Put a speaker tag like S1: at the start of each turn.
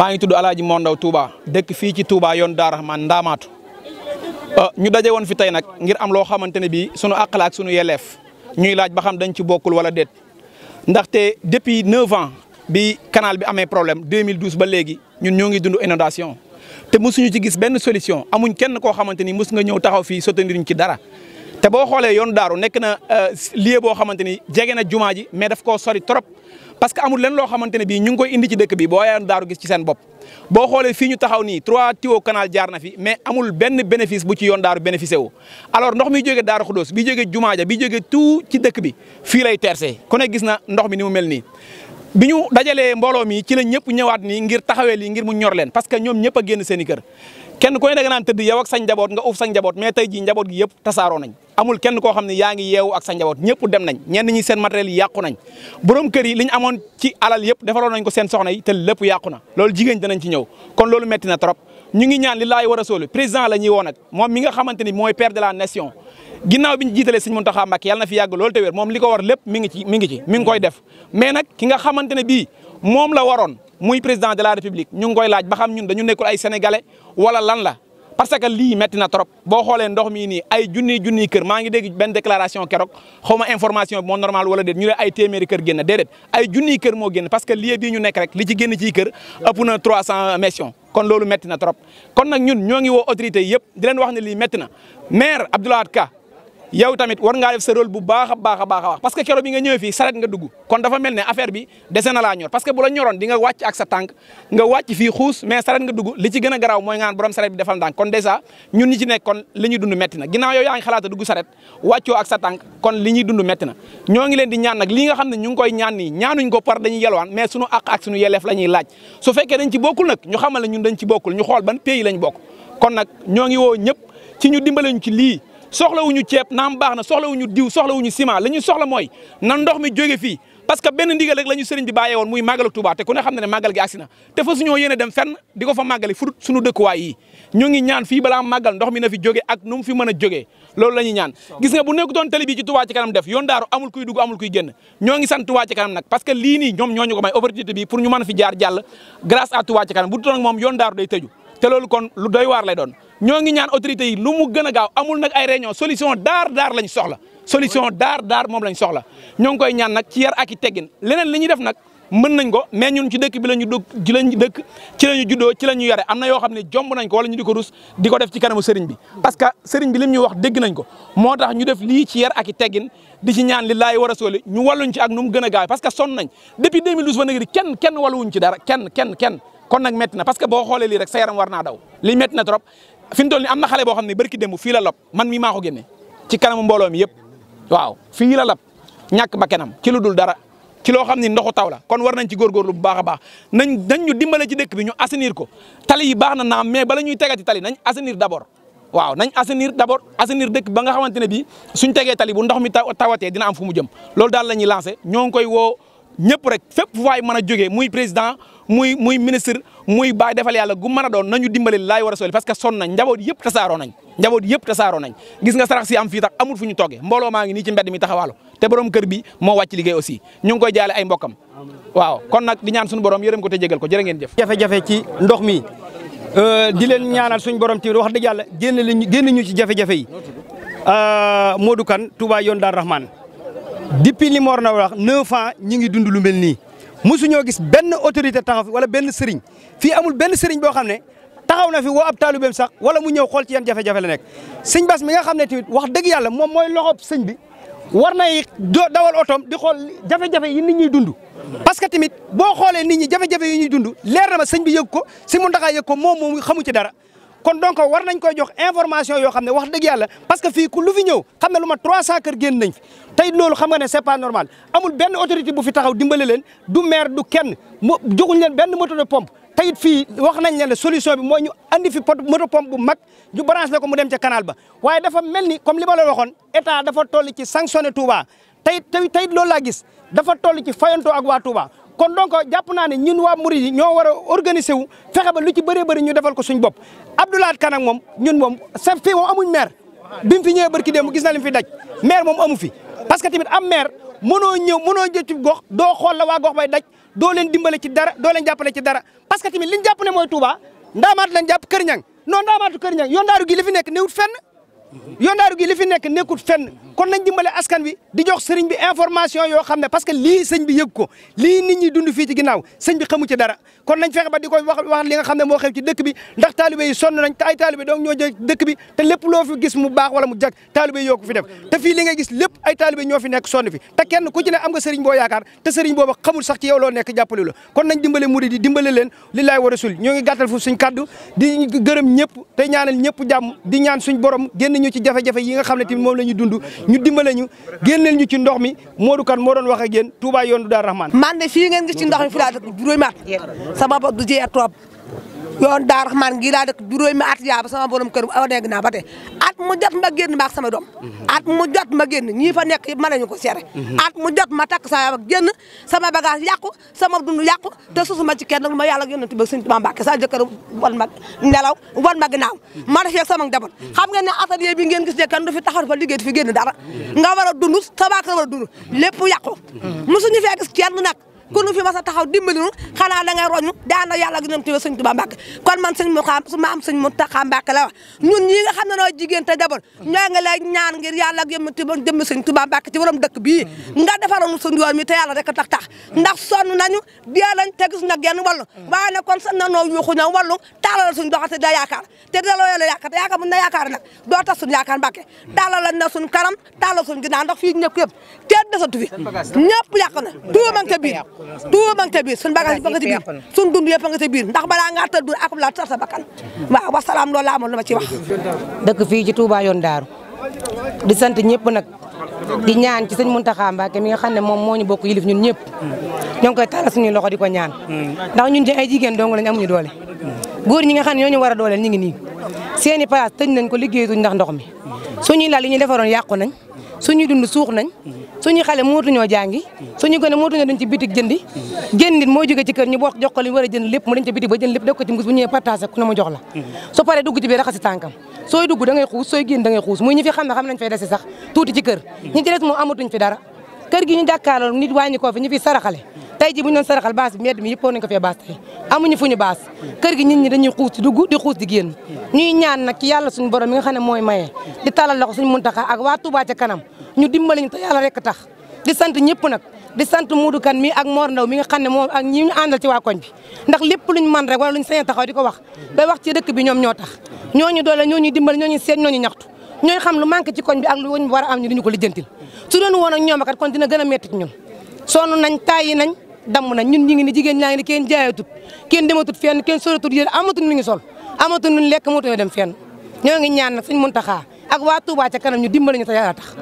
S1: maa ngi tudd Alaaji Mondaw Touba dëkk fii ci Touba yoon Daara Rahman ndaamaatu euh, ñu daje woon fi tey nag ngir am loo xamante ne bii sunu àq la ak sunu yelleef ñuy laaj ba xam dañ ci bokkul wala déet ndaxte depuis neuf ans bi canal bi amee problème 2012 ba léegi ñun ñoo ngi dund inondation te mosuñu ci gis benn solution amuñ kenn koo xamante ni mos nga ñëw taxaw fii soutenir ñu ci dara. te boo xoolee yoon daaru nekk na euh, lieu boo xamante ni jege na jumaa ji mais daf koo sori trop parce que amul leen loo xamante ne bii ñu ngi koy indi ci dëkk bi boo yoonu daaru gis ci seen bopp boo xoolee fii ñu taxaw nii trois tuyaux canal jaar na fi mais amul benn bénéfice bu ci yoon daaru bénéficié wu alors ndox mi jógee daaru xudóos bi jógee jumaa ja bi jógee tout ci dëkk bi fii lay tersee ku ne gis na ndox mi ni mu mel nii bi ñu dajalee mbooloo mi ci la ñëpp ñëwaat nii ngir taxawee lii ngir mu ñor leen parce que ñoom ñëpp a génn kër kenn ko ne da nga naan tëdd yow ak sa njaboot nga uuf sa njaboot mais tey jii njaboot gi yëpp tasaaroo amul kenn koo xam ne yaa ngi yeewu ak sa njaboot ñëpp dem nañ ñenn ñi seen matériel yi nañ borom kër yi li ñu amoon ci alal yëpp defaroon nañ ko seen soxna yi te lépp yàqu na loolu jigéen danañ ci ñëw kon loolu metti na trop ñu ngi ñaan li laay war a sóolu président la ñuy woo nag moom mi nga xamante ni mooy père de la nation ginnaaw bi ñu jiitalee sëñ Muntaxa Mbàkke yàlla na yàgg loolu te wér moom li ko war lépp mi ngi ci mi ngi ci mi ngi nga xamante ne bii moom la waroon muy président de la république ñu ngi koy laaj ba xam ñun dañu nekkul ay sénégalais wala lan la parce que lii metti trop boo xoolee ndox mii nii ay junniy junniy kër maa ngi dégg benn déclaration keroog xaw ma information bi moo normal wala déet ñu ne ay téeméeri kër génn déedéet ay junniy kër moo génn parce que lieu bii ñu nekk rek li ci génn ci kër ëpp na 300 missions kon loolu metti na trop kon nag ñun ñoo ngi woo autorités yëpp di leen wax ne lii metti na maire Abdoulaye Ka yow tamit war nga def sa bu baax a baax a baax a wax parce que keroog bi nga ñëwee fii saret nga dugg kon dafa mel ne affaire bi dese na laa ñor parce que bu la ñoroon di nga wàcc ak sa tànk nga wàcc fii xuus mais saret nga dugg li ci gën a garaaw mooy nga naan borom saret bi defal ndànk kon dèjà ñun ñi nekk kon li ñuy dund metti na ginnaaw yow yaa ngi xalaata dugg saret wàccoo ak sa tànk kon li ñuy dund metti na ñoo ngi leen di ñaan nag li nga xam ne ñu ngi koy ñaan nii ñaanuñ ko par dañuy yelwaan mais suñu àq ak suñu laaj su fekkee dañ ci bokkul nag ñu xamal ne ñun dañ ci bokkul ñu xool ban pays lañ bokk kon nag ñoo ngi woo ñëpp ci ñu dimbale ñu ci lii soxlawuñu ceeb naam baax na soxlawuñu diw soxlawuñu ciment li ñu soxla mooy na ndox mi jóge fii parce que benn ndigal rek la ñu sëriñ bi bàyyee woon muy màggalu Touba te ku ne xam ne ne gi agsi na te fa suñoo yéene dem fenn di ko fa màggali furut suñu dëkkuwaay yi ñoo ngi ñaan fii balaa màggal ndox mi na fi jóge ak nu mu fi mën a jógee loolu la ñuy ñaan gis nga bu nekk doon tali bi ci Touba ci kanam def yoon amul kuy dugg amul kuy génn ñoo ngi sant Touba ci kanam nag parce que lii nii ñoom ñoo ñu ko may opportunité bi pour jàll grâce à Touba ci kanam moom yoon daaru day tëju loolu kon lu doy waar lay doon ñoo ngi ñaan autorité yi lu mu gën a gaaw amul nag ay réunion solution daar daar lañ soxla solution daar daar moom lañ soxla ñoo ngi koy ñaan nag ci yar ak i teggin leneen li ñuy def nag mën nañ ko mais ñun ci dëkk bi la ñu dëkk ci lañu dëkk ci la ñu ci la ñu yore am na yoo xam ne jomb nañ ko wala ñu di ko rus di ko def ci kanamu sëriñ bi parce que sëriñ bi lim ñu wax dégg nañ ko moo tax ñu def lii ci yar ak i teggin di ci ñaan li laay war a sooli ñu wàlluñ ci ak nu mu gën a gaaw parce que sonn nañ depuis 2012 kenn kenn wàlluwuñ ci dara kenn kenn kenn kon nag métti na parce que boo xoolee lii rek sa yaram war naa daw lii na trop fi mu toll nii am na xale boo xam ne barki démb fii la lab man mi maa ko génne ci kanamu mbooloo mi yëpp waaw fii la lab ñàkk ba kanam ci lu dul dara ci loo xam ni ndoxu taw la kon war nañ ci góorgóorlu bu baax a baax nañ nañ ñu dimbale ci dëkk bi ñu assainir ko tali yi baax na naam mais bala ñuy ti tali nañ assainir d'abord waaw nañ assainir d'abord assainir dëkk ba nga xamante ne bii suñ tegee tali bu ndox mi tawatee dina am fu mu jëm loolu daal la ñuy lancé ñoo ngi koy woo ñëpp rek fépp fu waay mën a jógee muy président muy muy ministre muy baa defal yàlla gu mën a doon nañu dimbali laay war a parce que son nañ njaboot yëpp tasaaroo nañ njaboot yëpp tasaaroo nañ gis nga sarax si am fii tax amul fu ñu toogee mbooloo maa ngi nii ci mbedd mi taxawaalu te borom kër bi moo wàcc liggéey aussi ñu ngi koy jaale ay mbokkam waaw kon nag di ñaan
S2: suñu borom yërëm ko ko jërë ngeen jëf jafe-jafe ndox mi euh, di leen ñaanal suñu borom tamit wax dëgg yàlla génn lañu génn ñu ci jafe-jafe yi euh, Modou Kane Touba yoon Dar Rahman depuis li Mor na wax neuf ans ñi ngi dund lu mel nii musuñoo gis benn autorité taxaw fi wala benn sëriñ fii amul benn sëriñ boo xam ne taxaw na fi wo ab taalibeem sax wala mu ñëw xool ci yan jafe-jafe la nekk sëñ Bass mi nga xam ne tamit wax dëgg yàlla moom mooy loxob sëñ bi war nay dawal otoom di xool jafe-jafe yi nit ñuy dund parce que tamit boo xoolee nit ñi jafe-jafe yi ñuy dund leer na ma sëñ bi yëg ko si mu ndaxaa yëg ko moom moom xamu ci dara kon donc war nañ koy jox information yoo xam ne wax dëgg yàlla parce que fii ku lu fi ñëw xam ne lu ma 300 kër génn nañ fi tey loolu xam nga ne c'est pas normal amul benn autorité bu fi taxaw dimbale leen du maire du kenn mu joxuñ leen benn moto de pompe. te it fii wax nañ leen ne solution bi mooy ñu andi fi pot moto pompe bu mag ñu branché ko mu dem ca canal ba waaye dafa mel ni comme li ma la waxoon état dafa toll ci sanctionné Touba tey tey tey loolu laa gis dafa toll ci fayantoo ak waa Touba. kon donc jàpp naa ne ñun waa murid yi ñoo war a wu fexe ba lu ci bëree bëri ñu defal ko suñ bopp Abdoulaye Kane ak moom ñun moom sa fii moom amuñ maire bi mu fi ñëwee barki démb gis na li fi daj maire moom amu fi parce que tamit am maire mënoo ñëw mënoo jël ci gox doo xool la waa gox bay daj doo leen dimbale ci dara doo leen jàppale ci dara parce que tamit li ñu jàpp ne mooy Touba ndaamaatu lañ jàpp Kër Ñang non ndaamaatu Kër Ñang yoon daaru gi li fi nekk newut fenn yondaaru gi li fi nekk nekkul fenn kon nañ dimbale askan wi di jox sëriñ bi information yoo xam ne parce que lii sëñ bi yëg ko lii nit ñi dund fii ci ginnaaw sëñ bi xamu ci dara kon nañ fexe ba di ko wax wax li nga xam ne moo xew dëkk bi ndax taalibe yi sonn nañ te ay taalibe donc ñoo loo fi gis mu baax wala mu jag taalibe yoo ko fi def te fii li nga gis lépp ay taalibe ñoo fi nekk sonn fi te kenn ku ci ne am nga sëriñ boo yaakaar te sëriñ booba xamul sax ci yow loo nekk jàppale la leen lillaay wa rasul ñoo ngi ñëpp te ñëpp jàmm di ñaan suñ borom génn ñu ci jafe-jafe yi nga xam ne tamit moom la ñu dund ñu dimbale ñu génneel ñu ci ndox mi moodu Kane moo doon wax ak yéen Touba yoonu Daaru Rahman man ne
S3: fii ngeen gis ci ndox mi fi laa dëkk juróomi at sama bopp du jee at trop yoon daa raxmaan gii laa dëkk juróomi at yaa ba sama borom kër nekk naa ba tey at mu jot ma génn maak sama doom at mu jot ma génn ñii fa nekk yëpp mën nañu ko seere at mu jot ma takk sama bag génn sama bagage yàqu sama dund yàqu te susuma ci kenn ma yàlla ti ba sëñ Tuubaa Mbàkke sa jëkkër wan ma nelaw wan ma ginnaaw ma defee sama njaboot xam ngeen ne atelier bi ngeen gis ne kenn du fi fa liggéey di fi génn dara nga war a dund sa waa kër war a dund lépp yàqu musuñu nag ku nu fi mas a taxaw dimbali nu xanaa da ngay roñu daana yàlla gënam tuba sëñ Tuba Mbàkke kon man sëñ Mountakha su ma am sëñ Mountakha Mbàkke la wax ñun ñi xam ne noo jigéen te jaboon ñoo ngi lay ñaan ngir yàlla gëm tuba jëm sëñ Tuba Mbàkke ci borom dëkk bii nga defaroon suñu yoon mi te yàlla rek tax tax ndax sonn nañu dee lañ te gis na genn wallu waaye nag kon sa na noo yuuxu ñoom wallu taalal suñ doxate da yaakaar te daloo yàlla na yaakaar nag doo tax suñ yaakaar Mbàkke taalal lañ na suñ kanam taalal suñ ginnaaw ndax fii ñëpp yëpp te desatu fi ñëpp yàq na tuuma nga biir tout ma nga ca biir suñu bagage ba nga ca biir suñu dund yëpp nga ndax balaa ngaa tëdd akub tar sa bakkan waaw wasalaam loolu laa amoon lu ma ci wax dëkk fii ci Touba yoon daaru di sant ñëpp nag di
S4: ñaan ci sëñ Mountakha Mbacké mi nga xam ne moom moo ñu bokk yilif ñun ñëpp ñoo ngi koy tàllal suñu loxo di ko ñaan ndax ñun ci ay jigéen dong lañ amuñu doole góor ñi nga xam ne ñoo ñu war a dooleel ñu ngi nii seeni place tëj nañ ko liggéeyatuñ ndax ndox mi suñuy lal yi ñu defaroon yàqu nañ suñuy dund suux nañ suñu xale mootuñoo jàngi suñu gone mootuñoo dañ ci bitik jëndi jëndit moo jógee ci kër ñu bokk jox ko li ñu war a jënd lépp mu dañ ci bitik ba jënd lépp def ko ci mbuus bu ñëwee partagé ku ne mu jox la soo paree dugg ci biir raxasi tànkam sooy dugg da ngay xuus sooy génn da ngay xuus muy ñi fi xam ne xam nañ fay dese sax tuuti ci kër ñi ci des moom fi dara kër gi ñu jàkkaarloo nit wàññi koo fi ñu fi saraxale tey ji bu ñu doon saraxal baas mi yëpp woon ko fee baas tey amuñu ñu baas kër gi nit ñi dañuy xuus di dugg di xuus di génn ñuy ñaan nag ci yàlla suñu borom mi nga xam ne mooy maye di talal la ko suñu muntaxa ak waa Touba ca kanam ñu dimbali ñu te yàlla rek tax di sant ñëpp nag di sant Modou kan mi ak Mor Ndaw mi nga xam ne moom ak ñi ñu àndal ci waa koñ bi ndax lépp luñ man rek wala luñ sañ a taxaw di ko wax day wax ci dëkk bi ñoom ñoo tax ñooñu doole ñooñu dimbali ñooñu seen ñooñu ñaxtu ñooy xam lu manqué ci koñ bi ak lu war a am ñu diñu ko lijjantil su doon woon ak ñoom kat kon dina gën a metti ci ñun sonn nañ tàyyi nañ damm na ñun ñu ngi ni jigéen ñaa ngi ni kenn jaayatut kenn dematut fenn kenn soratut yéen amatul lu ñu sol amatul lu ñu lekk moto dem fenn ñoo ngi ñaan nag Sëñ Muntaxa ak waa Touba ca kanam ñu dimbali ñu te Yàlla tax